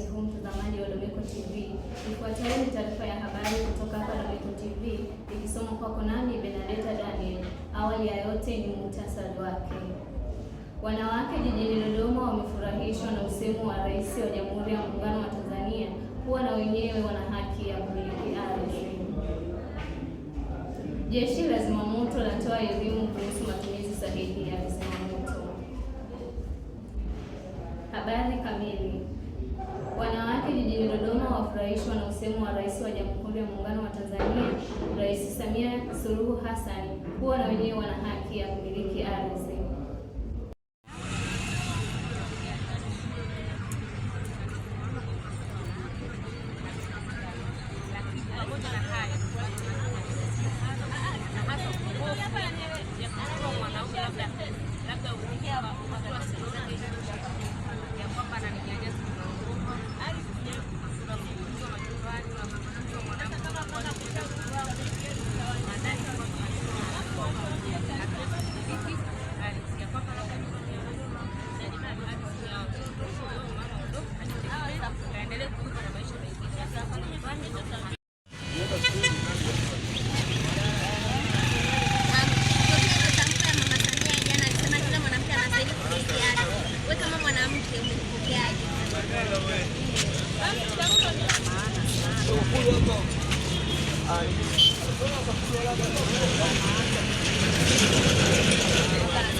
wakati huu mtazamaji wa Domeko TV, ifuatayo ni taarifa ya habari kutoka hapa Domeko TV ikisoma kwako nami Benadeta Daniel. Awali ya yote ni muhtasari wake. Wanawake jijini Dodoma wamefurahishwa na usemo wa Rais wa Jamhuri ya Muungano wa Tanzania kuwa na wenyewe wana haki ya kumiliki ardhi. Jeshi la Zimamoto latoa elimu kuhusu matumizi sahihi ya zimamoto Habari kamili kufurahishwa na usemo wa Rais wa Jamhuri ya Muungano wa Tanzania, Rais Samia Suluhu Hassan, kuwa na wenyewe wana haki ya kumiliki ardhi. Thank you.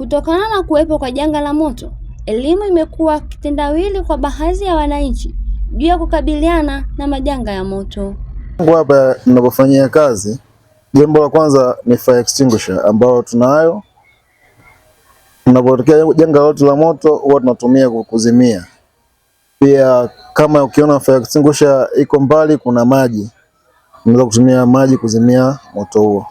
Kutokana na kuwepo kwa janga la moto, elimu imekuwa kitendawili kwa baadhi ya wananchi juu ya kukabiliana na majanga ya moto. Hapa ninapofanyia kazi, jambo la kwanza ni fire extinguisher ambayo tunayo. Tunapotokea janga lote la moto, huwa tunatumia kuzimia. Pia kama ukiona fire extinguisher iko mbali, kuna maji, unaweza kutumia maji kuzimia moto huo.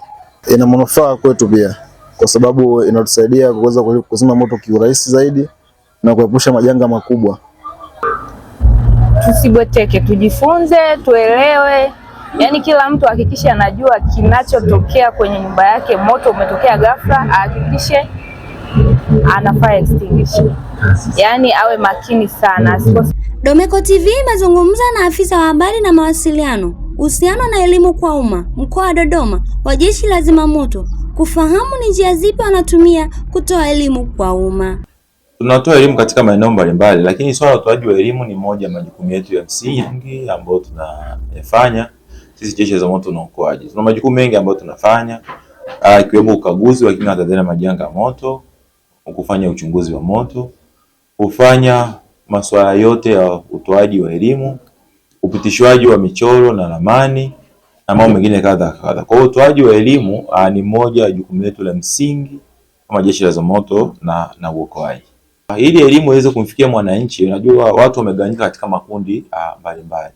Ina manufaa kwetu pia kwa sababu inatusaidia kuweza kuzima moto kiurahisi zaidi na kuepusha majanga makubwa. Tusibweteke, tujifunze, tuelewe. Yaani kila mtu hakikishe anajua kinachotokea kwenye nyumba yake. Moto umetokea ghafla, ahakikishe ana fire extinguisher. Yaani awe makini sana. Domeko TV imezungumza na afisa wa habari na mawasiliano, uhusiano na elimu kwa umma mkoa wa Dodoma wa Jeshi la Zimamoto kufahamu ni njia zipi wanatumia kutoa elimu kwa umma. Tunatoa elimu katika maeneo mbalimbali, lakini swala la utoaji wa elimu ni moja ya majukumu yetu ya msingi ambayo tunayafanya sisi Jeshi la Zimamoto na Uokoaji. Tuna majukumu mengi ambayo tunafanya ah, ikiwemo ukaguzi wa kina Tanzania majanga ya moto, kufanya uchunguzi wa moto, kufanya masuala yote ya utoaji wa elimu, upitishwaji wa michoro na ramani na mambo mengine kadha kadha. Kwa hiyo utoaji wa elimu ah, ni moja ya jukumu letu la msingi kama Jeshi la Zimamoto na, na uokoaji. Ah, ili elimu iweze kumfikia mwananchi, unajua watu wameganyika katika makundi ah, mbalimbali.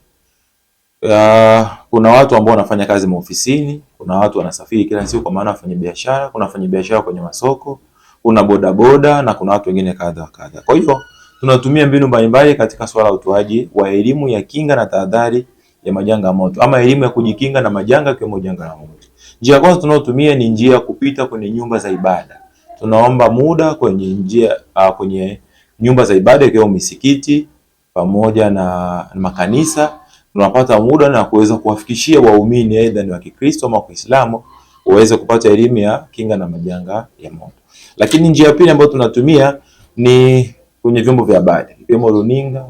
Uh, kuna watu ambao wanafanya kazi maofisini, kuna watu wanasafiri kila siku kwa maana wafanya biashara, kuna wafanya biashara kwenye masoko, kuna bodaboda na kuna watu wengine kadha kadha. Kwa hiyo tunatumia mbinu mbalimbali katika swala la utoaji wa elimu ya kinga na tahadhari ya majanga ya moto ama elimu ya kujikinga na majanga ikiwemo janga la moto. Njia kwanza tunayotumia ni njia ya kupita kwenye nyumba za ibada. Tunaomba muda kwenye njia uh, kwenye nyumba za ibada ikiwemo misikiti pamoja na, makanisa. Tunapata muda na kuweza kuwafikishia waumini aidha ni wa Kikristo ama Kiislamu waweze kupata elimu ya kinga na majanga ya moto. Lakini njia pili ambayo tunatumia ni kwenye vyombo vya habari vyombo runinga,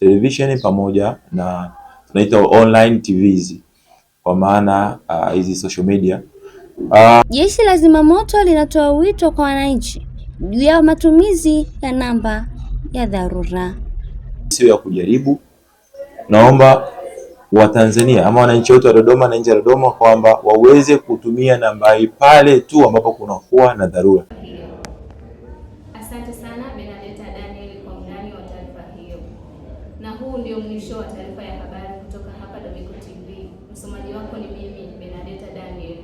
televisheni pamoja na tunaita online hizi kwa maana ah, hizi uh, social media uh. Jeshi la Zimamoto linatoa wito kwa wananchi juu ya matumizi ya namba ya dharura, sio ya kujaribu. Naomba Watanzania ama wananchi wote wa Dodoma na nje ya Dodoma kwamba waweze kutumia namba hii pale tu ambapo kunakuwa na dharura. Asante sana Daniel kwa undani wa taarifa hiyo. Na huu ndio mwisho wa taarifa ya habari kutoka hapa Domiko TV. Msomaji wako ni mimi Benadetta Daniel.